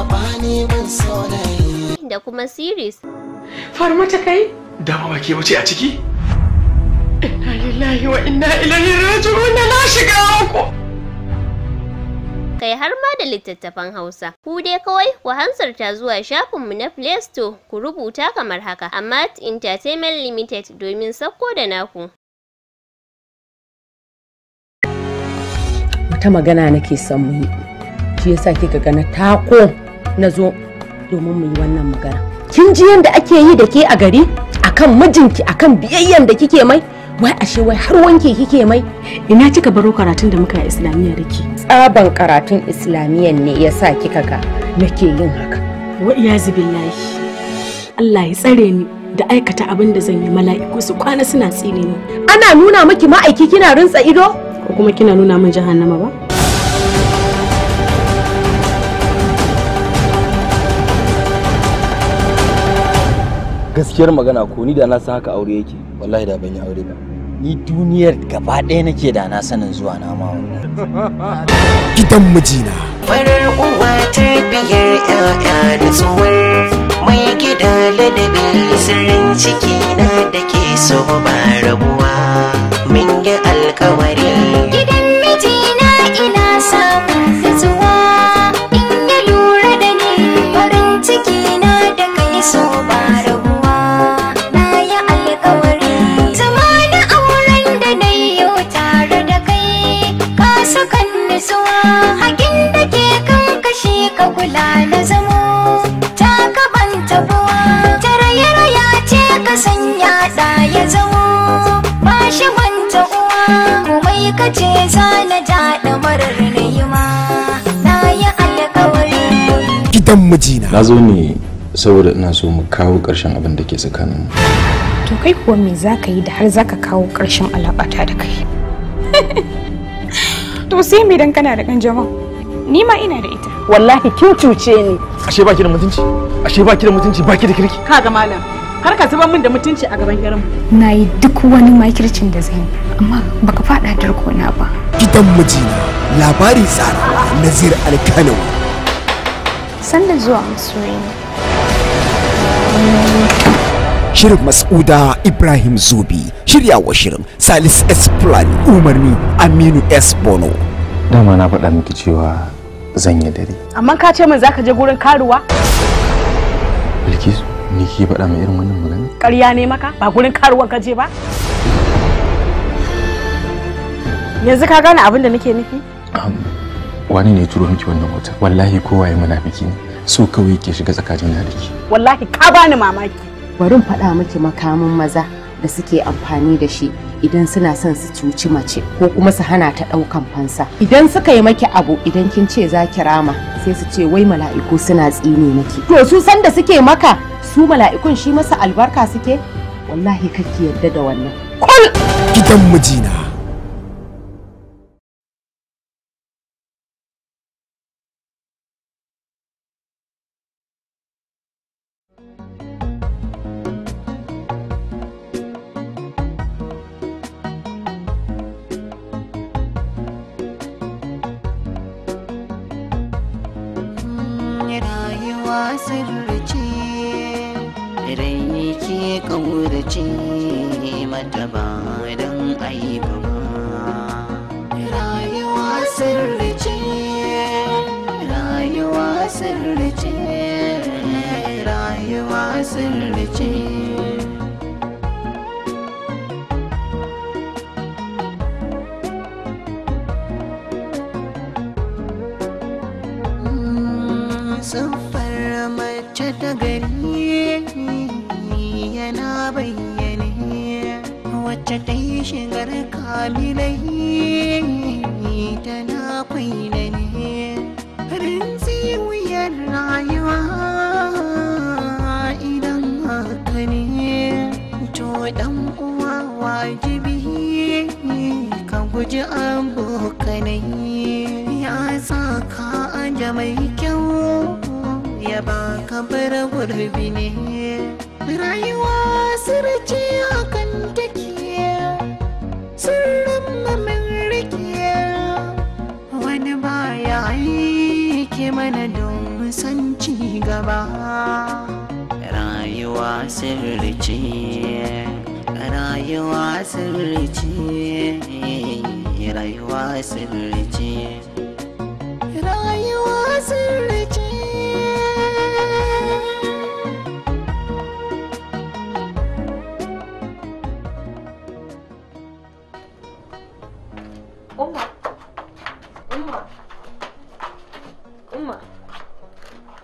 sabani ban saurayi da kuma series far mata kai dama ba ke wuce a ciki inna lillahi wa inna ilaihi raji'un na shiga ku kai har ma da littattafan Hausa. Ku dai kawai ku hansarta zuwa shafinmu na Play Store ku rubuta kamar haka, Amat Entertainment Limited domin sakko da naku. Wata magana nake son mu yi, shi yasa kika gana tako. na zo domin mu yi wannan magana kin ji yadda ake yi da ke a gari akan mijinki akan biyayyan da kike mai wai ashe wai har wanke kike mai ina kika baro karatun da muka islamiyya da ke tsaban karatun islamiyyan ne ya sa kika ga nake yin haka wa ya yi. Allah ya tsare ni da aikata abin da zan yi mala'iku su kwana suna tsini ni ana nuna miki ma'aiki kina rintsa ido ko kuma kina nuna min jahannama ba gaskiyar magana ko ni da na san haka aure yake wallahi da ban yi aure ba ni duniyar gaba ɗaya nake da na sanin zuwa na ma gidan mijina farar uwa ta biyar ƴaƴa da mai gida ladabi sirrin ciki na da ke so ba rabuwa min ga ka kula na zamo ta kaban tabuwa ta raye-raya ce ka sanya ɗa ya zamo ba shi banta uwa komai ka ce za na jaɗa marar na yi ma na yi alkawari gidan mijina na zo ne saboda ina so mu kawo ƙarshen abin da ke tsakanin to kai kuwa me za ka yi da har za ka kawo ƙarshen alaƙata da kai to sai me dan kana da ƙanjamau ni ma ina da ita wallahi kin cuce ni ashe baki da mutunci ashe baki da mutunci baki da kirki ga malam har ka zuba min da mutunci a gaban yaran na yi duk wani makircin da zan yi amma baka fada darko na ba gidan mijina labari tsara nazir alkanawa sanda zuwa masoyina Shirin Mas'uda Ibrahim Zubi shiryawa shirin Salis S. Plan umarni Aminu S. Bono. Dama na faɗa miki cewa zan yi dare amma ka ce min za ka je gurin karuwa bilkisu ni ke faɗa mai irin wannan magana ƙarya ne maka ba gurin karuwan ka je ba yanzu ka gane abin da nake nufi wani ne turo miki wannan wata wallahi kowa ya mana biki ne so kawai ke shiga tsakanin da ki. wallahi ka bani mamaki bari in faɗa miki makamin maza da suke amfani da shi idan suna son su cuci mace ko kuma su hana ta ɗaukan fansa idan suka yi maki abu idan kin ce za ki rama sai su ce wai mala'iku suna tsine maki to su san da suke maka su mala'ikun shi masa albarka suke wallahi kake yadda da wannan kul gidan mijina I'm Jabba. shigar kamilai tana kwaila ne rinzi wuyar rayuwa idan haka ne to dan uwa wajibi ka guji abokanai ya saka aja mai kyau ya baka bar gurbi ne rayuwa sirce sirri ce rayuwa sirri rayuwa rayuwa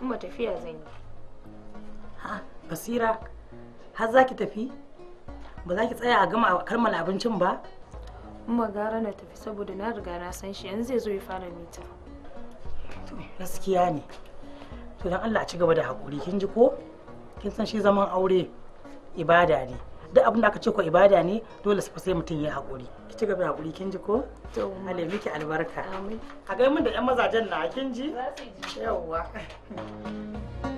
Umma tafiya zan yi. Ha, basira. har za ki tafi ba za ki tsaya a gama kalmar abincin ba umma gara na tafi saboda na riga na san shi yanzu zai zo ya fara mita gaskiya ne to dan Allah a ci gaba da hakuri kin ji ko kin san shi zaman aure ibada ne duk abin da aka ce ko ibada ne dole su sai mutum ya hakuri ki ci gaba da hakuri kin ji ko to Allah ya miki albarka amin a ga mun da yan mazajen na kin ji yawwa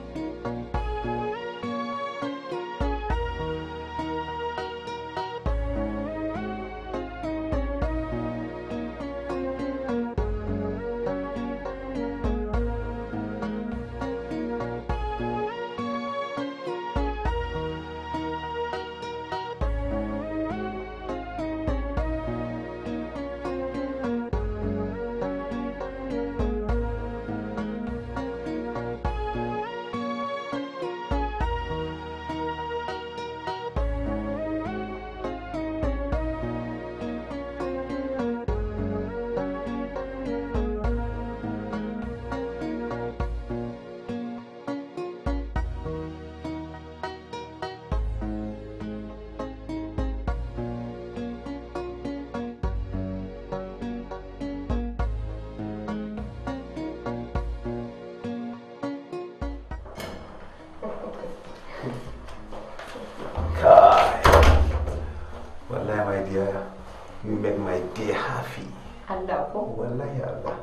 you make my day hafi. Allah ko wallahi Allah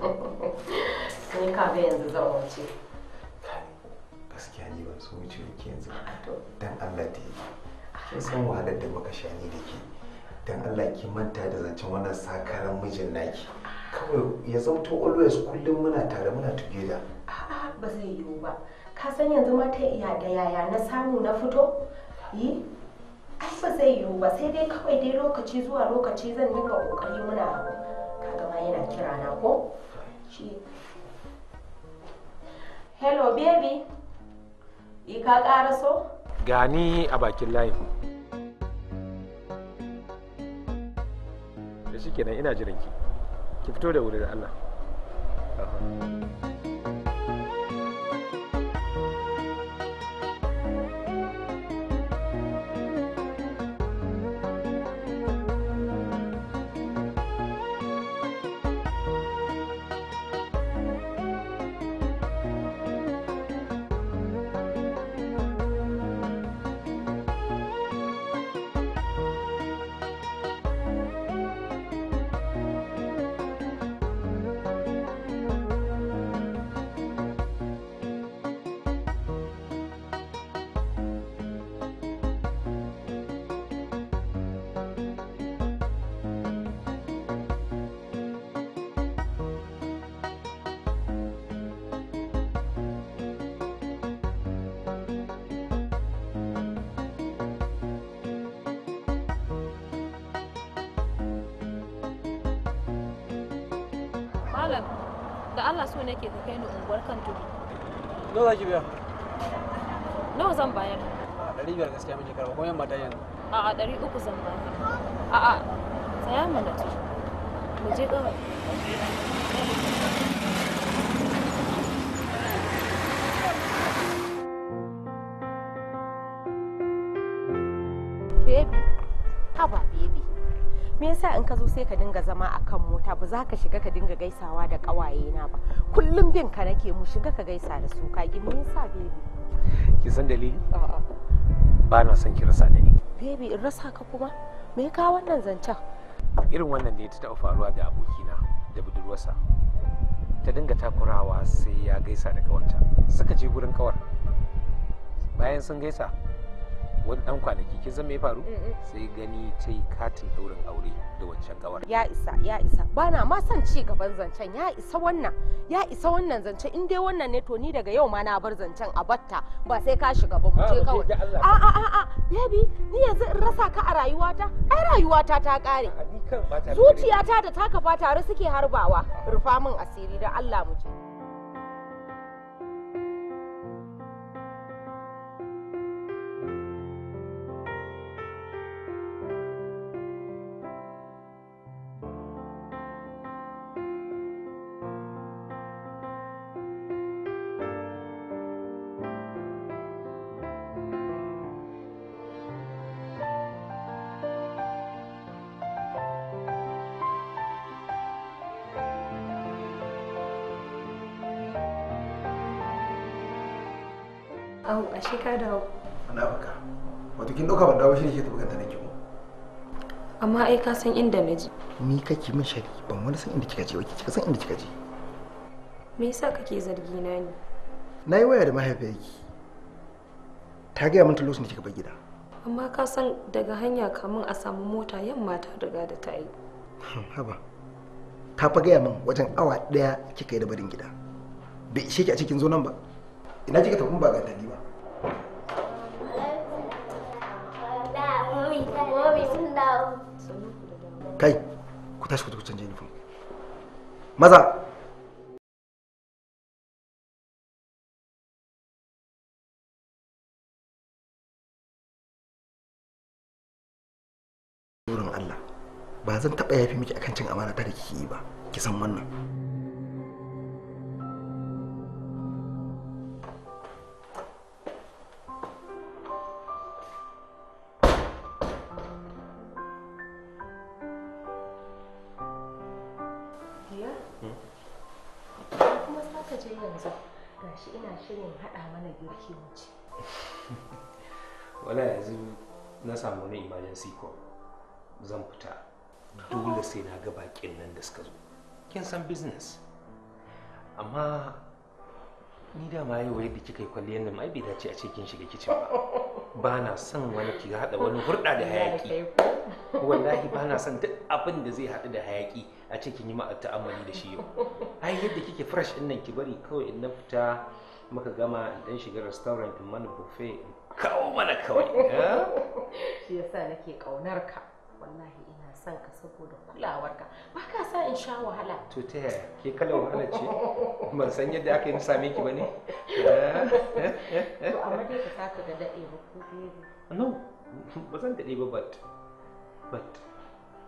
ni ka ga yanzu zan wuce gaskiya ni ban so ci ki yanzu dan Allah ta yi kin san wahalar da muka sha ni da ke dan Allah ki manta da zancen wannan sakaran mijin naki kawai ya zamto always kullum muna tare muna together a'a ba zai yiwu ba ka san yanzu mata iya da yaya na samu na fito yi ba zai yiwu ba sai dai kawai dai lokaci zuwa lokaci zan dinga kokari muna kaga ma yana kira na ko shi hello baby i ka so. gani a bakin layin da shi kenan ina jiranki ki fito da wuri da Allah malam da Allah so nake ka kai ni unguwar kan tudu nawa za ki biya nawa zan bayar ɗari biyar gaskiya muke karɓa kuma yamma ta yanzu a'a ɗari uku zan bayar a'a tsaya mana ce mu je kawai Baby, haba baby, me yasa in ka zo sai ka dinga zama za ka shiga ka dinga gaisawa da ƙawaye na ba kullum bin ka nake mu shiga ka gaisa da su ka ki me yasa baby ki san dalili a'a ba na son ki rasa da ni baby in rasa ka kuma me ka wannan zancen irin wannan da ya taɓa faruwa da abokina da budurwarsa ta dinga takurawa sai ya gaisa da kawanta suka je gurin kawar bayan sun gaisa wani dan kwanaki kin san me ya faru mm, mm. sai gani ta katin daurin aure da wancan kawar ya isa ya isa bana ma son ci gaban zancen ya isa wannan ya isa wannan zancen in dai wannan ne to ni daga yau ma na bar zancen a batta ba sai ka shiga ba mu je kawai a a a a yabi ni yanzu in rasa ka a rayuwata ai rayuwata ta kare zuciyata da taka ba tare suke harbawa rufa min asiri da Allah mu je awo ashe ka dawo ana baka wato kin dauka ban dawo shi ne ke tabbata da nake amma ai ka san inda na je ni kake min shari ban wani san inda kika je kika san inda kika je me yasa kake zargi na ne na yi waya da mahaifiyarki ta gaya min lokacin da kika bar gida amma ka san daga hanya kamun a samu mota yamma ta riga da ta yi hmm, haba ta fa gaya min wajen awa daya kika yi da barin gida bai ishe ki a cikin zo nan ba ina kika tafi ba ga ba kai ku tashi ku canje uniform maza Allah ba zan taɓa yafi miki akan cin amana ta da kike yi ba ki san wannan rayuwar wala yanzu na samu wani emergency call zan fita dole sai na ga bakin nan da suka zo kin san business amma ni da ma yau yadda kika yi kwalliyar nan ai bai dace a ce kin shiga kicin ba ba na son wani ki haɗa wani hurɗa da hayaki wallahi ba na son duk abin da zai haɗu da hayaki a ce kin yi ma ta'amali da shi yau ai yadda kike fresh ɗin nan ki bari kawai in na fita muka gama dan shiga restaurant in mana buffet in kawo mana kawai eh? shi yasa nake kaunar ka wallahi ina son ka saboda kulawar ka ba ka sa in sha wahala to ta yaya ke kalar wahala ce ban san yadda aka yi same ki bane to amma dai ka saka da dade ba ko dai no ba san dade ba but but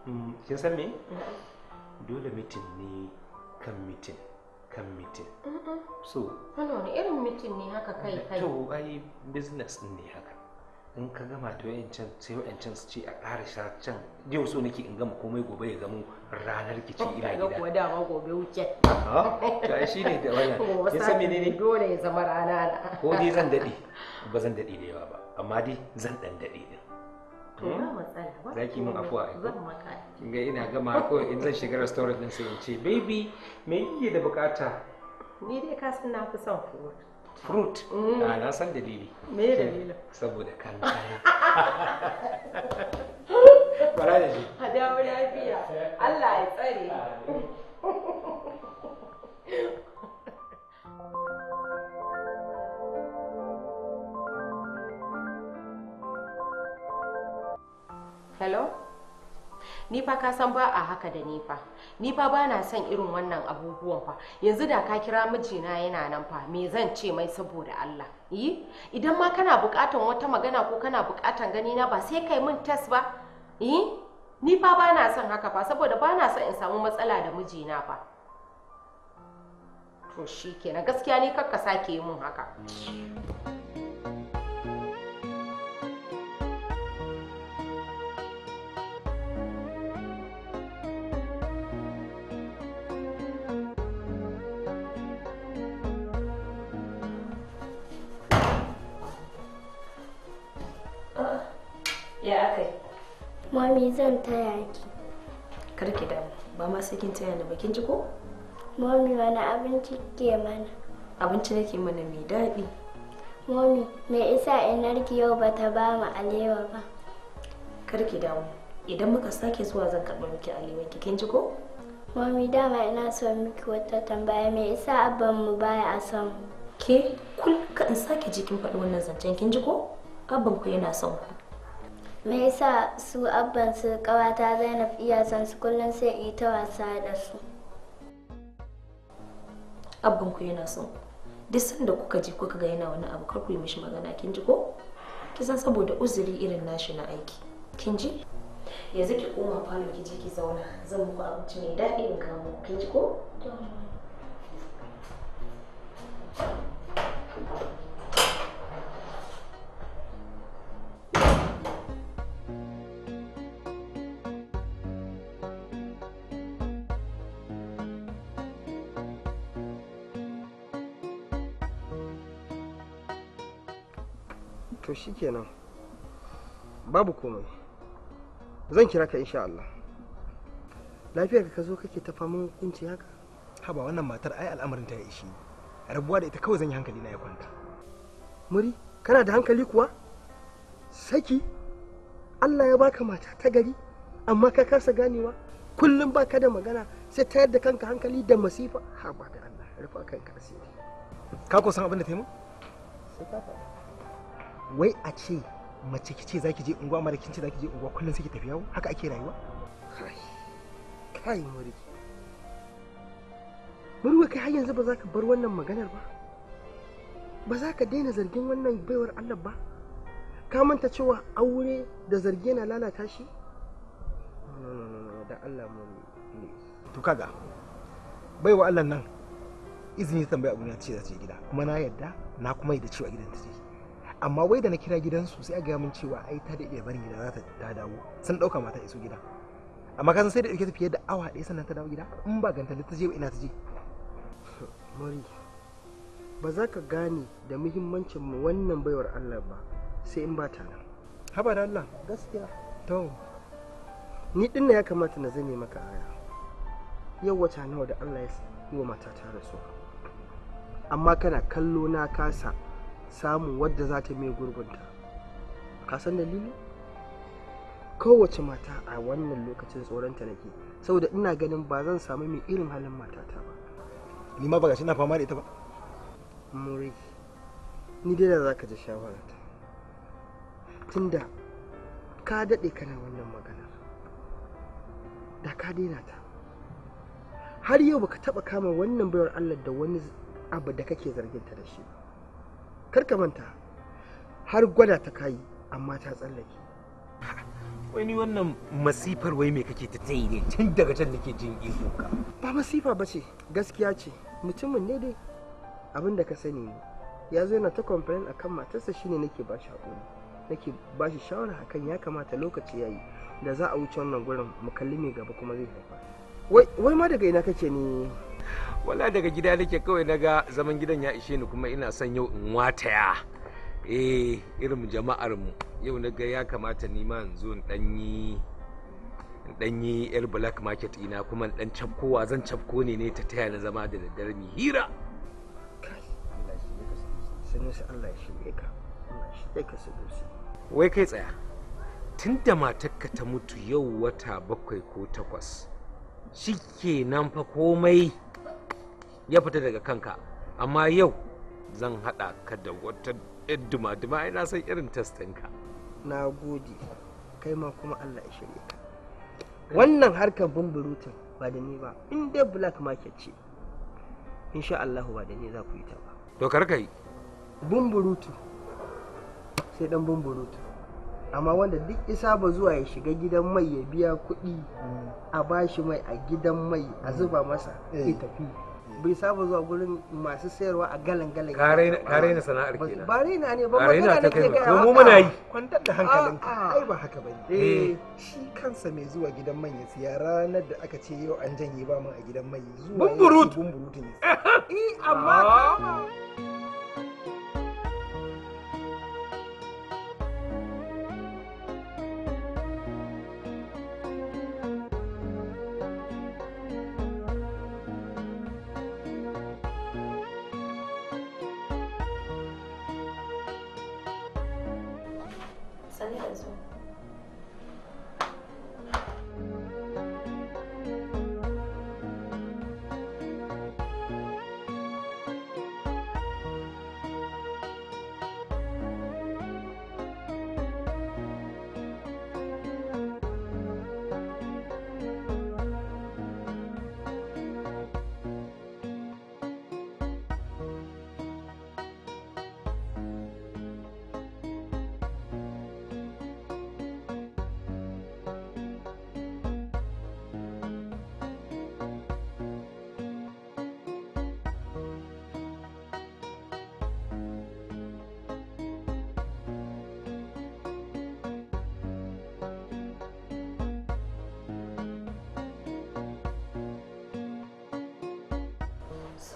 mm, kin san me dole mitin ne kan mitin kan mitin so wani wani irin mitin ne haka kai kai to ai business din ne haka in ka gama to yancan sai yancan su ce a ƙara sha can yau so nake in gama komai gobe ya gamu ranar kici oh, ina gida ga kuwa dama gobe wuce to shi ne da wannan ya san menene dole ya zama rana ko dai zan dade ba zan dade da yawa ba amma dai zan dan dade din to ba hmm? matsala ba zaki mun afuwa zan maka kin ga ina gama ko in zan shiga restaurant din sai in ce baby me yake da bukata ni dai ka san na fi son fruit fruit na mm. ah, na san dalili me dalili saboda kan bara da shi a dawo lafiya Allah ya tsare Hello? Nifa fa ka san ba a haka da nifa fa ni fa ba na son irin wannan abubuwan fa yanzu da ka kira mijina yana nan fa me zan ce mai saboda Allah yi idan ma kana bukatan wata magana ko kana bukatan gani na ba sai kai min test ba yi ni ba na son haka fa saboda ba na son in samu matsala da mijina fa to shikenan gaskiya ni kakka sake yi min haka Mami zan taya ki. Kar ki damu, ba ma sai kin taya ni ba kin ji ko? Mami wani abinci ke mana? Abinci nake mana mai daɗi. Mami, me isa inarki yau ba ta ba mu alewa ba? Kar ki damu, idan muka sake zuwa zan karɓa miki alewa ki kin ji ko? Mami dama ina son miki wata tambaya me isa abban mu baya a son ke kul ka in sake jikin faɗi wannan zancen kin ji ko? Abban ku yana son ku. me yasa su abban su kawata zainab iya san su kullum sai yi ta wasa da su abban ku yana son duk sanda kuka ji kuka ga yana wani abu kar ku yi mishi magana kin ji ko ki san saboda uzuri irin nashi na aiki kin ji yanzu ki koma falo ki je ki zauna zan muku abinci mai daɗi in kawo kin ji ko shikenan babu komai zan kira ka insha Allah lafiya ka zo kake ta faman kunci haka haba wannan matar ai al'amarin ta ya ishi rabuwa da ita kawai zan yi hankali na ya kwanta muri kana da hankali kuwa saki Allah ya baka mata ta gari amma ka kasa ganewa kullum baka da magana sai tayar da kanka hankali da masifa haba da Allah rufa kanka asiri ka ko san abin da ta sai ka faɗa wai a ce mace ki ce zaki je unguwa mara kin ce zaki je unguwa kullum sai tafiya tafi yawo haka ake rayuwa kai kai muri kai har yanzu ba za ka bar wannan maganar ba ba za ka daina zargin wannan baiwar Allah ba ka manta cewa aure da zargi yana lalata shi da Allah mu to kaga baiwa Allah nan izini tambaya abu ne ta ce za ta je gida kuma na yadda na kuma yi da cewa gidan ta ce. amma wai da na kira gidansu sai a gaya min cewa ai ta da bari barin gida za ta dawo sun ɗauka mata iso gida amma kasan sai da ɗauke ta fiye da awa ɗaya sannan ta dawo gida in ba ganta ta je ina ta je mori ba za ka gane da muhimmancin mu wannan baiwar Allah ba sai in ba ta nan haba da Allah gaskiya to ni dinna ya kamata na zame maka aya yau wata nawa da Allah ya yi wa matata rasu? amma kana kallo na kasa samun wadda za ta mai gurbinta ka san dalili kowace mata a wannan lokacin tsoronta nake saboda ina ganin ba zan samu mai irin halin matata ba ni ma ba gashi na fama da ita ba muri ni dai da zaka ji shawarata tunda ka daɗe kana wannan magana, da ka daina ta har yau baka taɓa kama wannan bayar allah da wani abu da kake zarginta da shi ba karka manta har gwada ta kayi amma ta tsallake wai ni wannan masifar wai me kake ta tayi ne tun daga can nake jin iko ka ba masifa ba ce gaskiya ce mutumin ne dai abin da ka sani ne ya zo yana ta complain akan matarsa shine nake ba shi hakuri nake ba shi shawara akan ya kamata lokaci yayi da za a wuce wannan gurin mu kalli mai gaba kuma zai haifa wai ma daga ina kake ne wala daga gida nake kawai naga zaman gidan ya ishe ni kuma ina son yau in wataya eh irin jama'ar mu yau naga ya kamata ni ma in zo in danyi dan yi yar black market ina kuma dan cafkowa zan cafko ne ne ta taya na zama da daddare mi hira wai kai tsaya tun da matakka ta mutu yau wata bakwai ko takwas shike nan fa komai ya fita daga kanka amma yau zan haɗa ka da wata yan duma ina san irin testinka na gode kai ma kuma allah ya shirya ka wannan harkar bumburutun ba da ni ba in dai black market ce insha allahu ba da ni za ku yi ta ba to karkai. ka yi bumburutu sai dan bumburutu amma wanda duk isa ba zuwa ya shiga gidan mai ya biya kuɗi a bashi mai a gidan mai a zuba masa ya eh. tafi bai saba zuwa gurin masu sayarwa a galan galan Kare na sana'ar kenan ba na ne ba raina ta kai ba mu muna yi kwantar da hankalinka ai ba haka bane eh shi kansa mai zuwa gidan mai ya siya ranar da aka ce yau an janye ba mu a gidan mai zuwa bumburut bumburutun ne eh amma ah. 哎。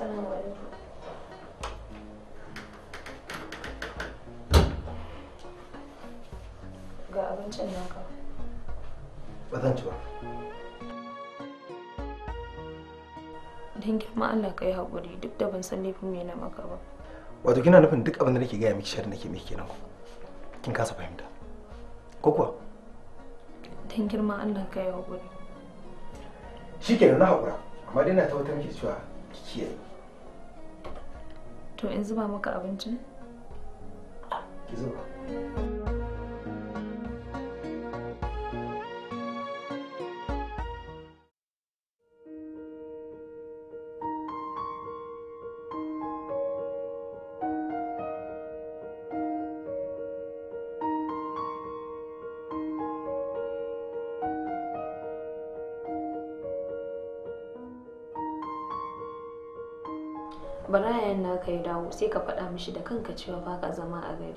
Assalamu Ga abincin naka. Ba zan ci ba. Don girma Allah ka yi haƙuri duk da ban san laifin me na maka ba. Wato kina nufin duk abin da nake gaya miki shari nake miki kenan ku. Kin kasa fahimta. Ko kuwa? Don girma Allah ka yi haƙuri. Shi kenan na haƙura. amma dai na tabbatar miki cewa kiyaye to in zuba maka abincin ki zuba dawo sai ka faɗa mishi da kanka cewa ba ka zama a gari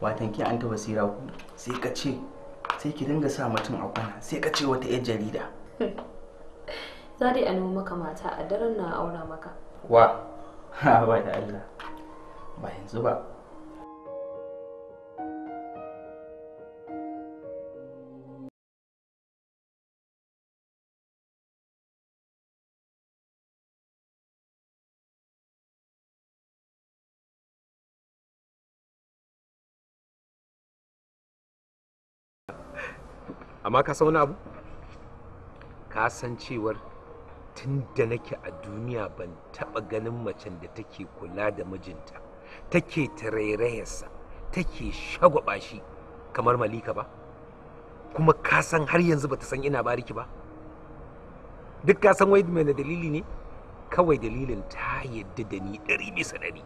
watan ke an ta basira ku sai ka ce sai ki dinga sa mutum a kwana sai ka ce wata yar jarida za dai a nemo maka mata a daren na aura maka wa ha ba da Allah ba yanzu ba amma ka san wani abu ka san cewar tun da nake a duniya ban taɓa ganin macen da take kula da mijinta take tarairayarsa take shagwaba shi kamar malika ba kuma ka san har yanzu bata san ina bariki ba duk ka san wai mai dalili ne kawai dalilin ta yadda da ni ɗari bisa ɗari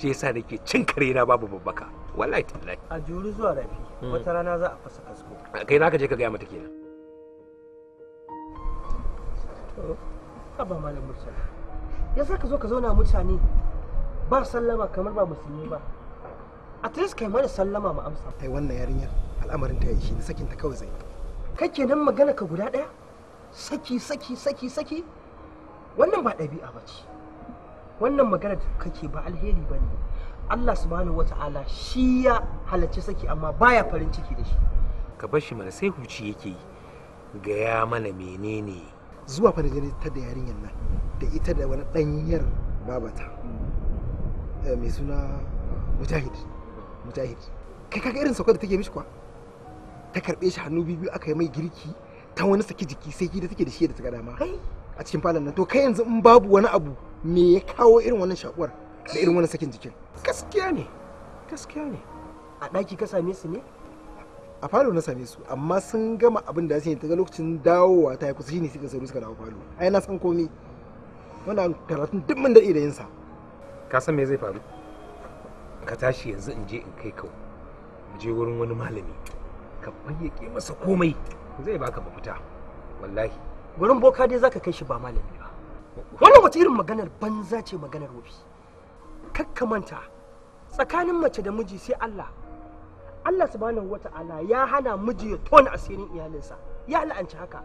shi yasa nake cin kare na babu babbaka wallahi tallahi a juri zuwa rafi hmm. wata rana za a fasa kasko kai zaka je ka gaya mata kenan to haba malam murtala ya sa ka zo ka zauna mutane ba sallama kamar ba musulmi ba a tres kai mana sallama mu amsa kai wannan yarinya al'amarin ta yi shi ne sakin ta kawai zai kai kenan magana ka guda daya saki saki saki saki wannan ba ɗabi'a ba ce wannan magana da kake ba alheri ba ne Allah subhanahu wata'ala shi ya halarci saki amma baya farin ciki da shi ka bar shi mana sai huci yake yi gaya mana menene zuwa fa da ta da yarinyar nan da ita da wani danyar babata eh, mai suna mujahid mujahid kai kaga irin sakon da take mishi kwa ta karbe shi hannu biyu aka yi mai girki ta wani saki jiki sai da take da shi da ta ma a cikin falon nan to kai yanzu in babu wani abu me ya kawo irin wannan shakuwar da irin wannan sakin jikin gaskiya ne gaskiya ne a ɗaki ka same su ne a falo na same su amma sun gama abin da yi ta ga lokacin dawowa ta yi kusa shine suka sauri suka dawo falo ai na san komi wannan karatun duk mun daɗe da yin sa ka san me zai faru ka tashi yanzu in je in kai kau mu je wurin wani malami ka bayyake masa komai zai baka mafita wallahi wurin boka dai zaka kai shi ba malami ba wannan wata irin maganar banza ce maganar wofi kakkamanta tsakanin mace da miji sai Allah Allah subhanahu wata'ala ya hana miji ya tona asirin iyalinsa ya la'anci haka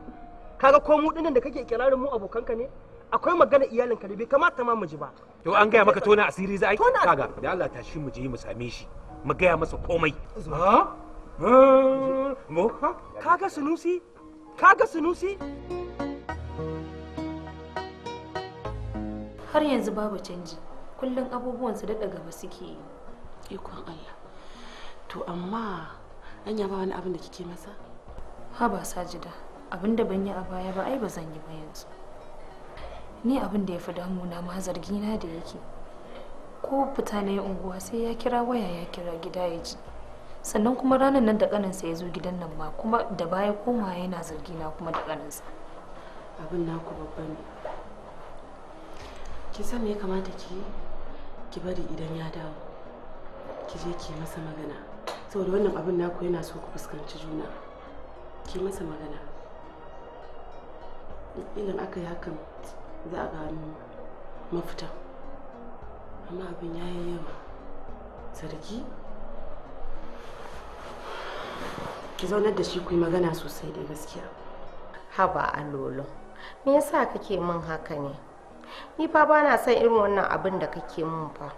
kaga ko mu da kake kirarin mu abokanka ne akwai magana iyalin ka da bai kamata ma miji ba to an gaya maka tona asiri za a yi kaga da Allah ta shi miji mu same shi mu gaya masa komai kaga sunusi kaga sunusi har yanzu babu canji kullum abubuwan su daɗa gaba suke yi ikon allah to amma an ya ba wani abin da kike masa ha ba sajida abin da ban yi a baya ba ai ba zan yi ba yanzu ni abin da ya fi damuna ma zargi na da yake ko fita na unguwa sai ya kira waya ya kira gida ya ji sannan kuma ranar nan da kaninsa ya zo gidan nan ma kuma da baya koma yana zargina kuma da kaninsa abin naku babba ne ki san me ya kamata ki yi ki bari idan ya dawo ki je ki masa magana saboda wannan abin naku yana so ku fuskanci juna ki masa magana idan aka yi hakan za a gano mafita amma abin ya yi yawa sarki ki zaunar da shi ku yi magana sosai da gaskiya haba alolo me yasa kake min haka ne ni fa ba na son irin wannan abin da kake mun fa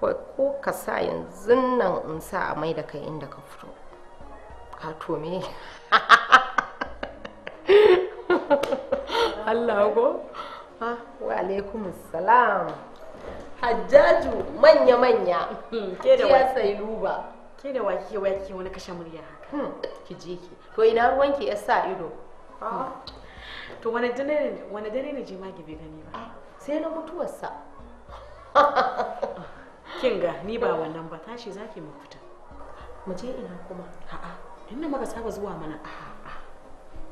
ko ka sa yanzu nan in sa a mai da kai inda ka fito ka to me Allah ko ha wa alaikum salam hajjaju manya manya ke da wa sai luba ke da wa ke wa ke wani kashe murya haka hmm. ki je ki to ina ruwanki ya sa ido a'a ah. hmm. to wani dare ne je magi bai gani ba sai na mutuwarsa kinga ni ba wannan ba tashi zaki mu fita mu je ina kuma a'a inda maka saba zuwa mana a'a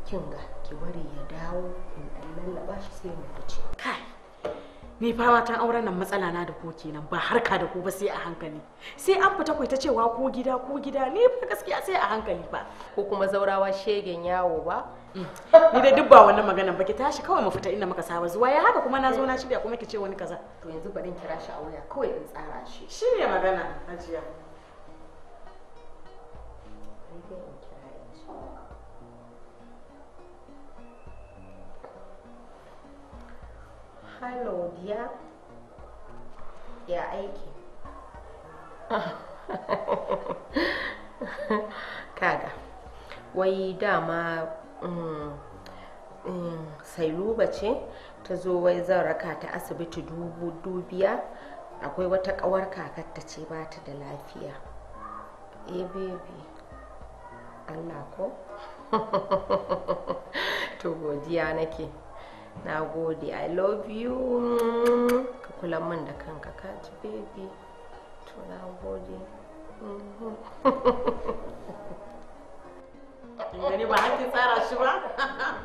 kinga ki bari ya dawo in dan lallaba shi sai mu fice kai ni fa watan auren nan matsala na da ko kenan ba harka da ku ba sai a hankali sai an fita ku ta cewa ko gida ko gida ni fa gaskiya sai a hankali ba ko kuma zaurawa shegen yawo ba mm. ni da duk wannan maganan ba ki tashi kawai mu fita inda muka saba zuwa ya haka kuma na zo na shirya kuma ki ce wani kaza to yanzu bari in kira shi a waya kawai in tsara shi ne magana hajiya godiya ya aiki kaga wai dama mm, mm, ba ce ta zo wai zan raka ta asibiti dubu dubiya akwai wata kawar kakarta ce ba ta da lafiya eh baby allah ko to godiya nake na gode i love you ka kula min da kanka ka ji baby to na gode gani ba haki tsara shi ba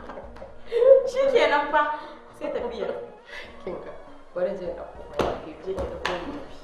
shi ke nan fa sai tafiya kinka bari je ɗauko mai je da kuma mai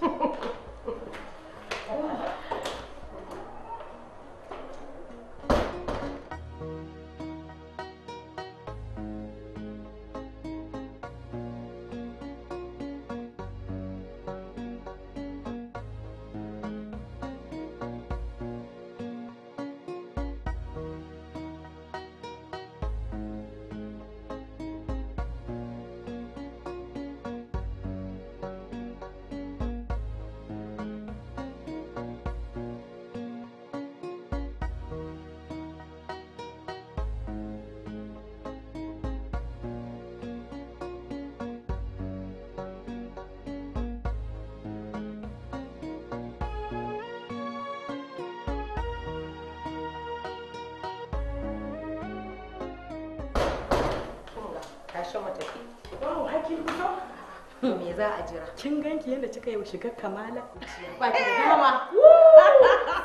tashi mu tafi babu hakin kusa to me za a jira kin ganki yadda kika yi shiga kamala ba ki gama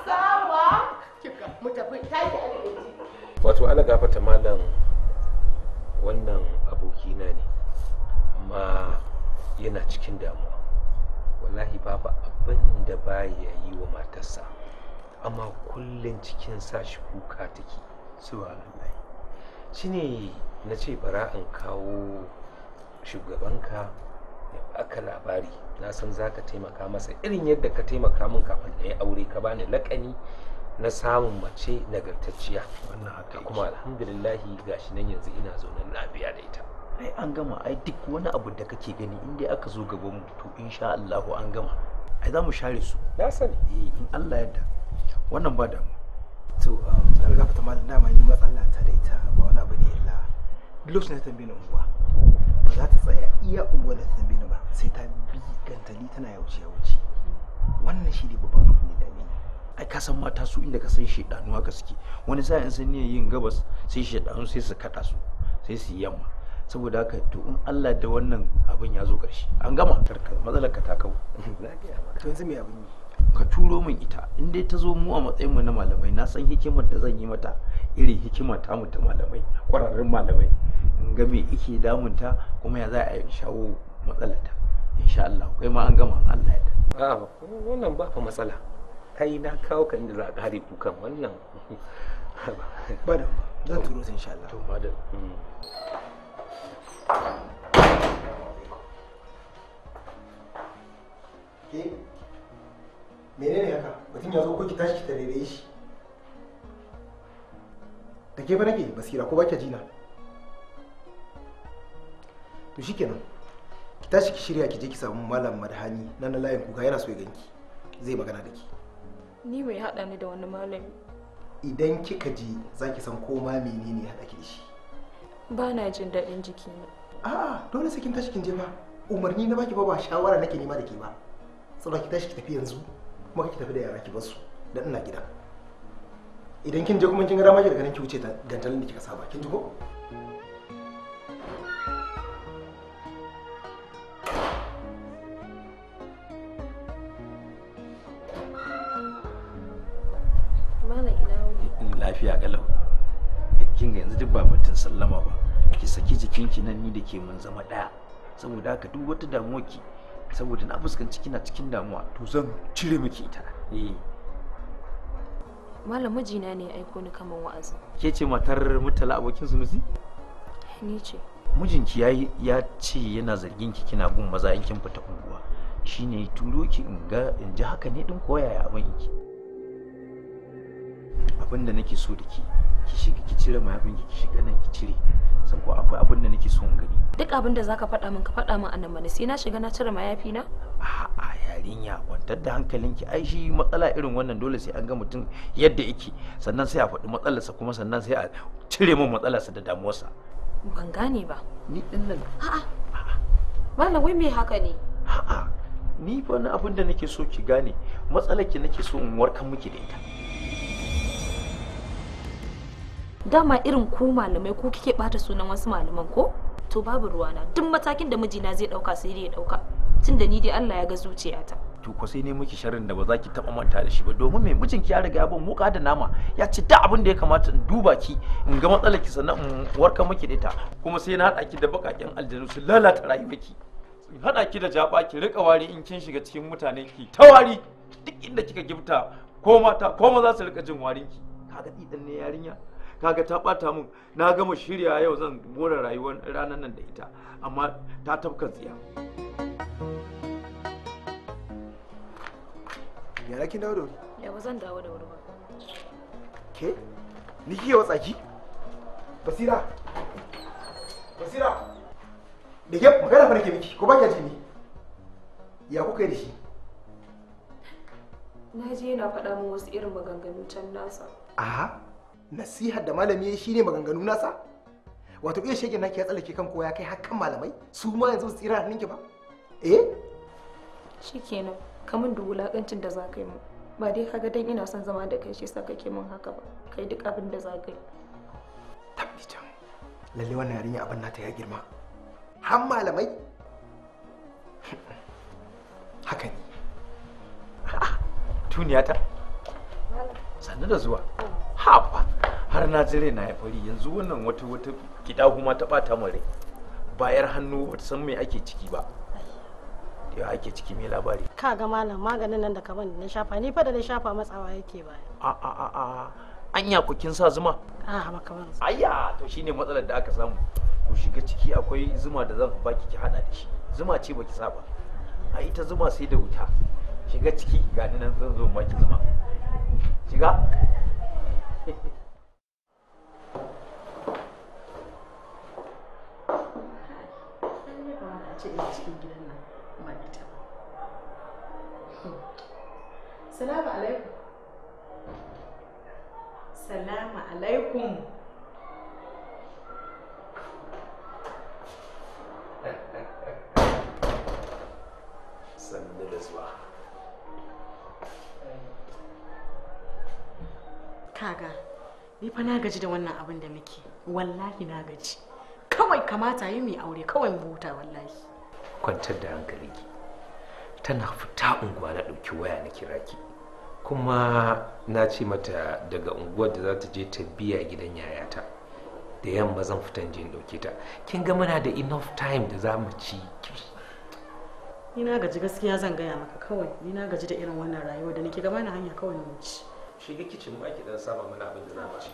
sawa kika mu tafi tashi a wato ana gafata malam wannan abokina ne amma yana cikin damuwa wallahi babu abin da ya yi wa matarsa amma kullum cikin sa shi kuka take subhanallah shine na ce bara in kawo shugabanka ya baka labari na san za ka taimaka masa irin yadda ka taimaka min kafin na yi aure ka bani lakani na samun mace nagartacciya wannan haka kuma alhamdulillahi gashi nan yanzu ina zaune lafiya da ita ai an gama ai duk wani abu da kake gani in dai aka zo gaban mu to insha Allah an gama ai za mu share su na sani eh in Allah yadda wannan ba da to um, an ga fata mallan dama ni matsala ta da ita ba wani abu ne duk na tambaye ni unguwa ba za ta tsaya iya uwa da ta ba sai ta bi gantali tana yauce yauce wannan shi ne babban abin da ni ai ka san mata su inda ka san shedanu haka suke wani sa in san yin gabas sai shedanu sai su kada su sai su yamma saboda haka to in Allah da wannan abin ya zo ƙarshe an gama matsalar ka ta kawo to yanzu me abin yi ka turo min ita in dai ta zo mu a matsayin mu na malamai na san hikimar da zan yi mata irin hikima ta mu ta malamai kwararrun malamai in ga me yake damunta kuma ya za a shawo ta insha Allah kai ma an gama Allah ya da ah, wannan ba fa matsala kai na kawo ka inda za a kare kukan wannan ba da zan turo su insha Allah to ba da Okay. Hmm. menene haka mutum ya zo ko ki tashi ki tarere shi da ke nake basira ko baki jina to shikenan ki tashi ki shirya ki je ki samu malam madhani nan na layin kuka yana so ya ganki zai magana da ki ni mai hada ni da wani malami idan kika ji za ki san koma menene ya hada ki shi ba na jin daɗin ne. a'a dole sai kin tashi kin je ba umarni na baki ba ba shawara nake nema da ke ba saboda ki tashi ki tafi yanzu kuma kake tafi da yara ki basu da ina gida idan kin je kuma kin ga dama ki daga nan ki wuce dantalin da kika saba kin ji ko lafiya galau kin yanzu duk ba batun sallama ba ki saki jikinki nan ni da ke mun zama daya saboda haka duk wata damuwa ki saboda na fuskanci kina cikin damuwa to zan cire miki ita eh malam mijina ne aiko ni kaman wa'azi ke ce matar mutala abokin sunusi ni ce mijinki ya ya ce yana zargin ki kina gun maza in kin fita unguwa shine turo ki in ga in ji haka ne din koyaya abin ki abin da nake so da ki ki shiga ki cire mayafinki ki shiga nan ki cire ko akwai abin da nake so in gani duk abin da zaka faɗa min ka faɗa min annan mana sai na shiga na cire mayafi na a'a yarinya kwantar da hankalinki ai shi matsala irin wannan dole sai an ga mutum yadda yake sannan sai a faɗi matsalarsa kuma sannan sai a cire min matsalarsa da damuwarsa ban gane ba ni din nan a'a malam wai me haka ne a'a ni fa wani abin da nake so ki gane matsalar ki nake so in warkar miki da ita dama irin ku malamai ku kike bata sunan wasu malaman ko to babu ruwa na duk matakin da mijina zai dauka sai dai ya dauka tunda ni dai Allah ya ga zuciyata to ko sai ne miki sharrin da ba za ki taba manta da shi ba domin mai mijinki ya riga ya bin muka da nama ya ci da abin da ya kamata in duba ki in ga matsalar ki sannan in warka miki da ita kuma sai na hada ki da bakaken aljanu su lalata rayuwarki in hada ki da jaba ki rika wari in kin shiga cikin mutane ki ta wari duk inda kika gifta ko mata ko maza su rika jin warin ki kaga idan ne yarinya kaga ta bata mun na gama shirya yau zan more rayuwar ranar nan da ita amma ta tafka tsiya ya kin dawo da wuri ya ba zan dawo da wuri ba ke ni kike watsa basira basira da ke magana fa nake miki ko ba ki ni ya kuka yi da shi na ji yana faɗa min wasu irin maganganun can nasa aha nasihar da malami ya shine maganganu nasa wato iya shege naki ya tsallake kan kowa ya kai hakan malamai su ma yanzu su tsira hannunki ba eh shikenan kamun da wulakancin da za ka yi mu ba dai kaga dan ina son zama da kai shi sa kake min haka ba kai duk abin da za ka yi tabbitan lalle wannan yarinya abin nata ya girma har malamai haka ne ah, ah. tuniya ta sannu da zuwa haba har na jire na ya fari yanzu wannan wata wata gida kuma ta ɓata mare bayar hannu ba san me ake ciki ba ya ake ciki mai labari ka ga malam maganin nan da ka bani na shafa ni fa da na shafa matsawa yake ba a a a a anya ku kin sa zuma a makaman ayya to shine matsalar da aka samu ku shiga ciki akwai zuma da zan baki ki hada da shi zuma ce baki saba a ita zuma sai da wuta shiga ciki ga nan zan zo ki zuma shiga Salamu alaikum. Salamu alaikum. kaga ni fa na gaji da wannan abin da muke wallahi na gaji kawai kamata yi mai aure kawai mu huta wallahi kwantar da hankali ki tana fita unguwa na dauki waya na kira ki kuma na ce mata daga unguwar da za ta je ta biya gidan yayata da yamma zan fitan je in dauke ta kin ga muna da enough time da za mu ci ni na gaji gaskiya zan gaya maka kawai ni na gaji da irin wannan rayuwa da nake gaba na hanya kawai na wuce. shiga kicin ma ki dan saba mana abin da za mu ci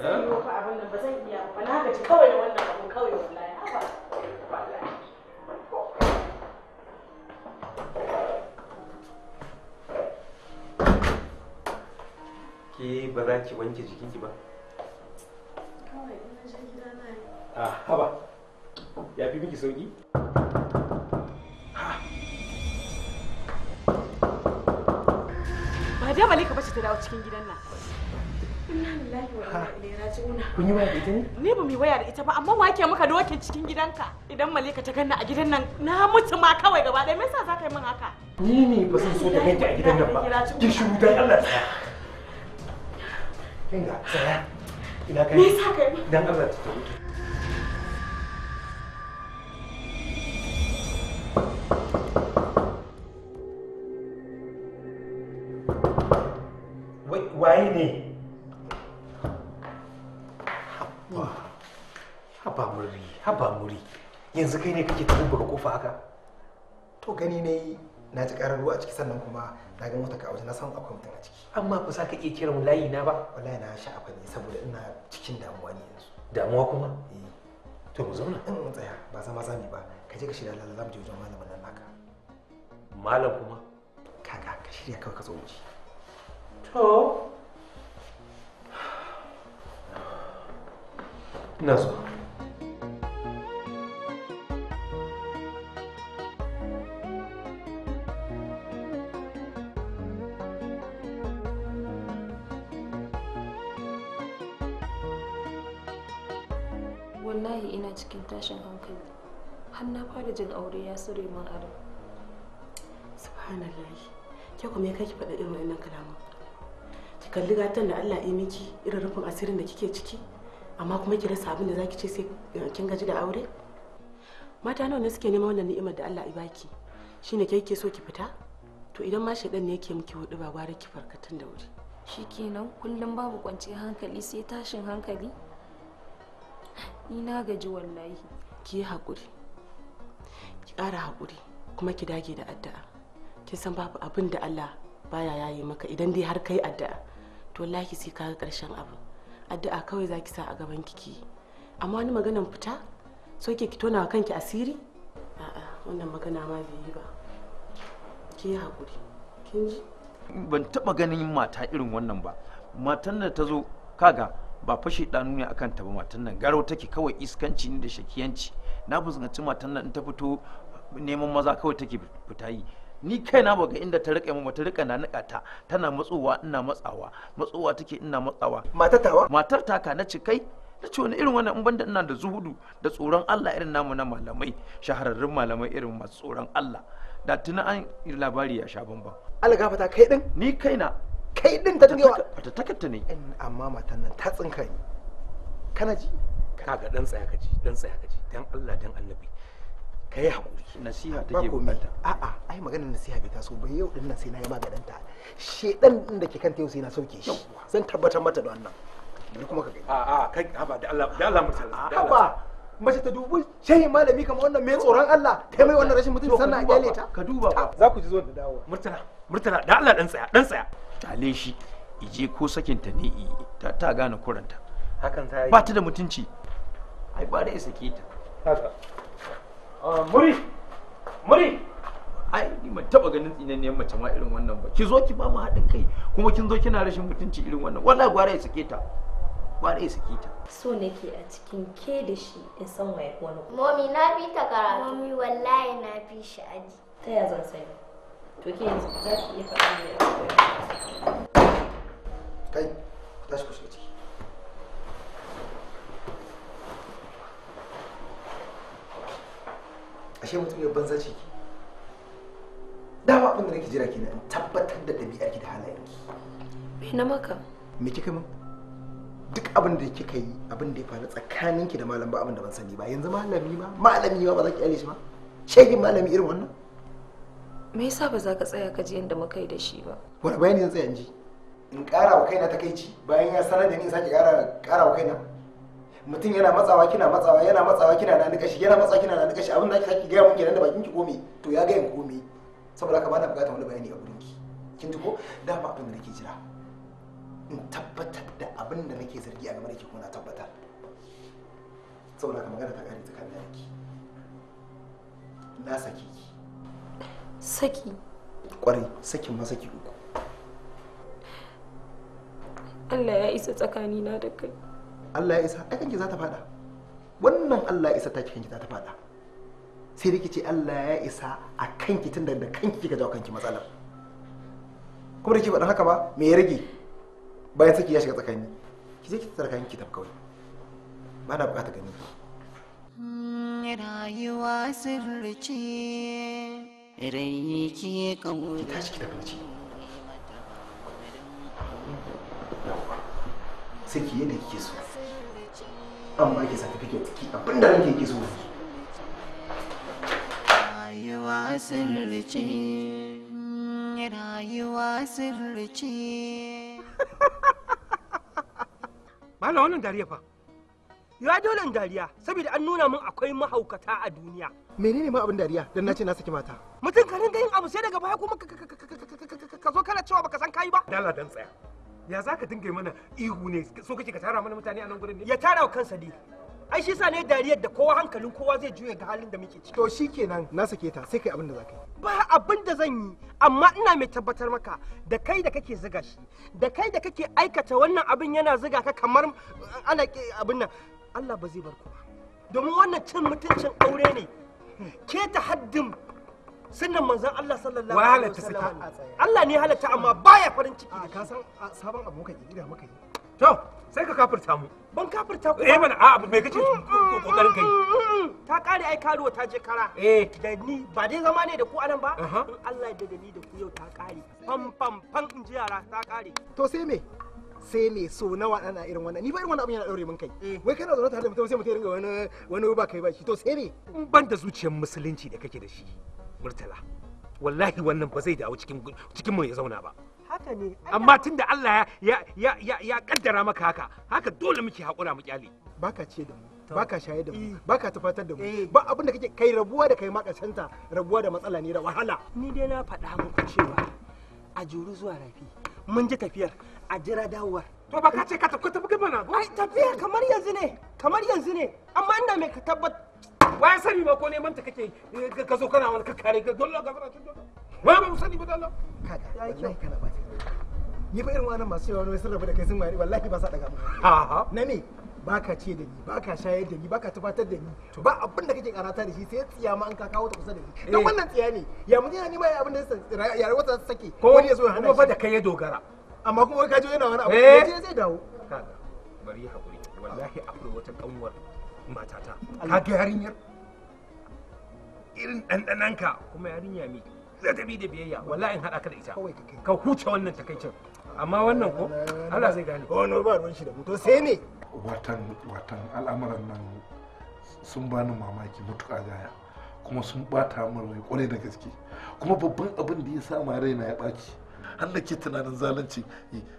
zan yi fa abin nan ba zan iya ba na gaji kawai da wannan abin kawai wallahi haba wallahi ke ba za ki wanke jikinki ba kawai ina je gida na yi a ah, haba ya fi miki sauki dai malika bace ta dawo cikin gidan nan inna kun yi waya da ita ne ni ba mu waya da ita ba amma wake muka doke cikin gidanka idan malika ta ganna a gidan nan na mutu ma kawai gaba ɗaya me yasa za ka yi min haka ni ne ba zan so da ganki a gidan nan ba ki shiru dan Allah tsaya kinga tsaya ina kai me yasa kai dan Allah ta tafi yanzu kai ne kake tabbata ga kofa haka to gani ne na ji karar ruwa a ciki sannan kuma na ga mota ka waje na san akwai mutum a ciki amma ba sa ka iya kiran layi na ba wallahi na sha afa ne saboda ina cikin damuwa ne yanzu damuwa kuma eh to mu zauna in tsaya ba zama zami ba ka je ka shirya lalla za mu je wajen malamin nan naka malam kuma kaka ka shirya kawai ka zo mu to ina so wallahi ina cikin tashin hankali har na fara jin aure ya sure min ado subhanallah ke kuma ya kake faɗa irin wannan kalaman ki kalli gatan da Allah ya miki irin rufin asirin da kike ciki amma kuma ki rasa abin da zaki ce sai eh, kin gaji da aure mata nawa ne suke neman wannan ni'imar da Allah ya baki shine kai ke so ki fita to idan ma shaidan ne yake miki hudu ba gwara ki farkatun da wuri shikenan kullum babu kwanciyar hankali sai tashin hankali ni na gaji wallahi ki yi haƙuri ki ƙara hakuri kuma ki dage da addu'a kisan san babu abin da Allah baya yayi maka idan dai har kai addu'a to wallahi sai ka ga ƙarshen abu addu'a kawai zaki sa a gaban ki amma wani maganan fita so ki tona kanki asiri a'a wannan magana ma bai yi ba ki yi haƙuri kin ji ban taɓa ganin mata irin wannan ba matan da ta zo kaga ba fashe da nuni akan taba matan nan garau take kawai iskanci ne da shakiyanci na fuskanci matan nan ta fito neman maza kawai take fita yi ni kai ba ga inda ta rike mu ta rika na nika ta tana matsowa ina matsawa matsowa take ina matsawa matar tawa matar taka na cikai ta ce wani irin wannan banda ina da zuhudu da tsoron Allah irin namu na malamai shahararrun malamai irin masu tsoron Allah da tuna an labari ya sha bamban Allah gafata kai din ni kaina kai din ta wa ta takatta ne amma matan nan ta tsinka ni kana ji kaga dan tsaya ka ji dan tsaya ka ji dan Allah dan annabi kai hakuri nasiha take bukata a'a ai maganar nasiha bai taso ba yau din nan sai na yi maganar ta shedan din da ke kanta yau sai na sauke shi zan tabbatar mata da wannan bari kuma ka gani a'a kai haba da Allah da Allah mutala da Allah mace ta dubu shehi malami kamar wannan mai tsoron Allah kai mai wannan rashin mutunci sannan a kyale ta ka duba ba za ku ji zuwa da dawo murtala murtala da Allah dan tsaya dan tsaya tale shi ije ko sakin ta ne ta ta gane kuranta hakan ta yi ba ta da mutunci ai ba da sake ta haka ah, muri muri ai ni ban taba ganin tsinanniyar mace ma irin wannan ba ki zo ki ba mu haɗin kai kuma kin zo kina rashin mutunci irin wannan wallahi gwara ya sake ta kwarai su kita. so nake a cikin ke da shi in san waye wani momi na fi ta karatu momi wallahi na fi shi aji ta ya zan sani to ke yanzu za ki iya faɗa mai kai tashi ku shiga ciki ashe mutum ya banza ciki dama abin da nake jira kenan tabbatar da ki da halayenki me na maka me kika mun duk abin da kika yi abin da ya faru tsakanin ki da malam ba abin da ban sani ba yanzu malami ma malami ma ba za ki yale shi ba shege malami irin wannan me yasa ba za ka tsaya ka ji yanda muka yi da shi ba wani bayani zan tsaya in ji in kara wa kaina takeici bayan ya sanar da ni in sake kara kara wa kaina mutum yana matsawa kina matsawa yana matsawa kina na nika shi yana matsawa kina na nika shi abin da ki gaya mun kenan da bakin ki komai to ya ga yin komai saboda ka ba bukatar wani bayani a gurin ki kin ji ko ba abin da nake jira in tabbatar da abin da nake zargi a game da ke kuma na tabbata saboda ka magana ta kare kalla yake na saki ki saki kwarai sakin ma saki uku Allah ya isa tsakanina da kai Allah ya isa ai kanki za ta fada wannan Allah ya isa ta kanki za ta fada sai dai ce Allah ya isa a kanki tun da kanki kika jawo kanki matsalar kuma da ke faɗin haka ba me ya rage bayan saki ya shiga tsakani ki je ki tsarkan ki tafi kawai ba na bukata ganin hmm, rayuwa sirrice rai ke kawo ki shi ki tafi ci sai ki da kike so an ba ki certificate ki abinda ranke kike so rayuwa sirrice hmm, rayuwa sirrice Malam wannan dariya fa. Ya dole dariya saboda an nuna min akwai mahaukata a duniya. Menene ma abin dariya dan na ce na saki mata? Mutum ka ringa yin abu sai daga baya kuma ka zo kana cewa baka san kai ba. Dala dan tsaya. Ya za ka dinga mana ihu ne so kake ka tara mana mutane a nan gurin ne? Ya tara wa kansa dai. ai shi sa ne dariyar da kowa hankalin kowa zai juya ga halin da muke ciki to shikenan na sake ta sai kai abin da zaka yi ba abin da zan yi amma ina mai tabbatar maka da kai da kake ziga shi da kai da kake aikata wannan abin yana ziga ka kamar eh, ana abin nan Allah ba zai bar ku domin wannan cin mutuncin aure ne ke ta haddin sunan manzon Allah sallallahu alaihi wasallam Allah ne halatta amma baya farin ciki ka san sabon abokan gida maka yi to sai ka kafirta mu ban kafirta ku eh mana a abu mai kace kokarin kai ta kare ai karuwa ta je kara eh da ni ba dai zama ne da ku anan ba in Allah da ni da ku yau ta kare pam pam pam in ji yara ta kare to sai me sai me so nawa ana irin wannan ni ba irin wannan abin yana daure min kai eh. wai kana zaune tare da mutum sai mutum ya ringa wani wani ba kai ba shi to sai me in ban da zuciyar musulunci da kake da shi murtala wallahi wannan ba zai dawo cikin cikin mu ya zauna ba haka ne amma tunda Allah ya ya ya ya kaddara maka haka haka dole muke hakura mu kyale baka ce da mu baka shaye da mu eh. baka tufatar da mu eh. ba abin da kake kai rabuwa da kai makasanta rabuwa da matsala ne da wahala ni dai na faɗa muku cewa a juru zuwa rafi mun ji tafiyar a jira dawowar to ba ka ce ka tafi tafi gaba na ai tafiya kamar yanzu ne kamar yanzu ne amma ina mai ka tabbat waya sani ba ko ne manta kake eh, ka zo kana wani kakkare ga dole ga zara tun dole waya ba mu sani ba dole kaga wallahi kana ba ni ba irin wannan masu yawa sun rabu da kai sun mayar wallahi ba sa daga mu na ne baka ce da ni baka shayar da ni baka tufatar da ni ba abin da kake karata da shi sai tsiya ma an ka kawo ta kusa da ni don eh. wannan tsiya ne ya mutum yana nima abin da ya rawa ta sake ko wani ya zo ya hana kuma fa da kai ya dogara amma kuma wai ka je yana wani abu eh. je zai dawo kaga bari hakuri wallahi akwai wata kanwar matata ka ga yarinyar irin ka kuma yarinya mai ladabi da biyayya wallahi in haɗa ka da ita ka huce wannan takaicin amma wannan ko Allah zai gane wani ba ruwan shi da to sai ne watan watan al'amuran nan sun bani mamaki mutuka gaya kuma sun bata min rai kwarai da gaske kuma babban abin da ya sa ma raina ya ɓaci har nake tunanin zalunci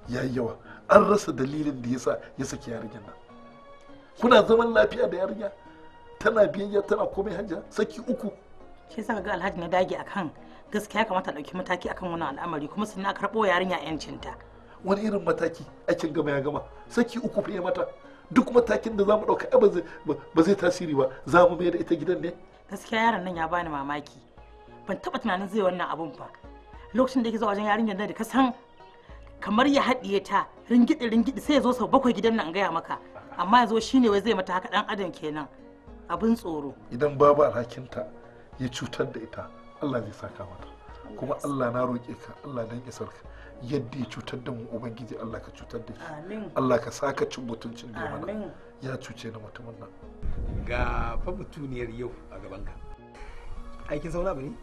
ya yi yawa an rasa dalilin da ya sa ya saki yarinyar nan kuna zaman lafiya da yarinya tana biyayya tana komai hanja saki uku shi sa ga alhaji na dage akan gaskiya kamata a ɗauki mataki akan wannan al'amari kuma sannan aka karɓo yarinya yancinta wani irin mataki aikin gama ya gama saki uku fiye mata duk matakin da zamu ɗauka ba zai tasiri ba za mu mai da ita gidan ne gaskiya yaron nan ya bani mamaki ban taɓa tunanin zai wannan abun fa lokacin da yake zuwa wajen yarinyar da ka san kamar ya haɗiye ta ringidi ringidi sai ya zo sau bakwai gidan nan gaya maka amma ya zo shine wai zai mata haka dan adam kenan abin tsoro idan babu alhakinta ya cutar da ita Allah zai saka mata kuma Allah na roƙe ka Allah dan isar ka yadda ya cutar da mu ubangiji Allah ka cutar da shi Allah ka saka cin mutuncin da mana ya cuce na mutumin nan ga fa mutuniyar yau a gaban ka aikin sauna ba ne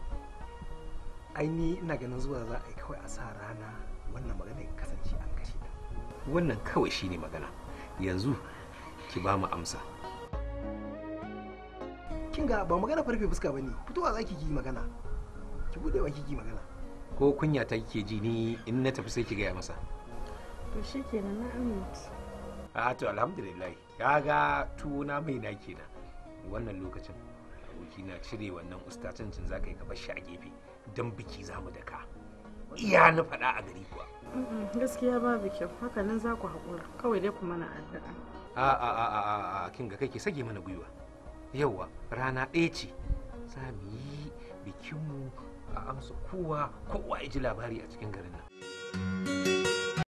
ai ni ina ganin zuwa za a yi kawai a sa rana wannan magana ya kasance an kashe ta wannan kawai shine magana yanzu ki ba mu amsa kin ga ba magana farfe fuska bane fitowa zaki yi magana ki bude wa kiki magana ko kunya ta kike ji ni in na tafi sai ki gaya masa to shikenan na amince a to alhamdulillah kaga tuna mai na kenan wannan lokacin aboki na cire wannan ustacancin za ka yi ka shi a gefe don biki za mu daka iya na faɗa a gari kuwa gaskiya ba biki haka nan za ku haƙura kawai dai ku mana addu'a a a a a a kin ga kake sage mana gwiwa yauwa rana ɗaya ce za mu yi bikinmu a amsa kowa kowa ya ji labari a cikin garin nan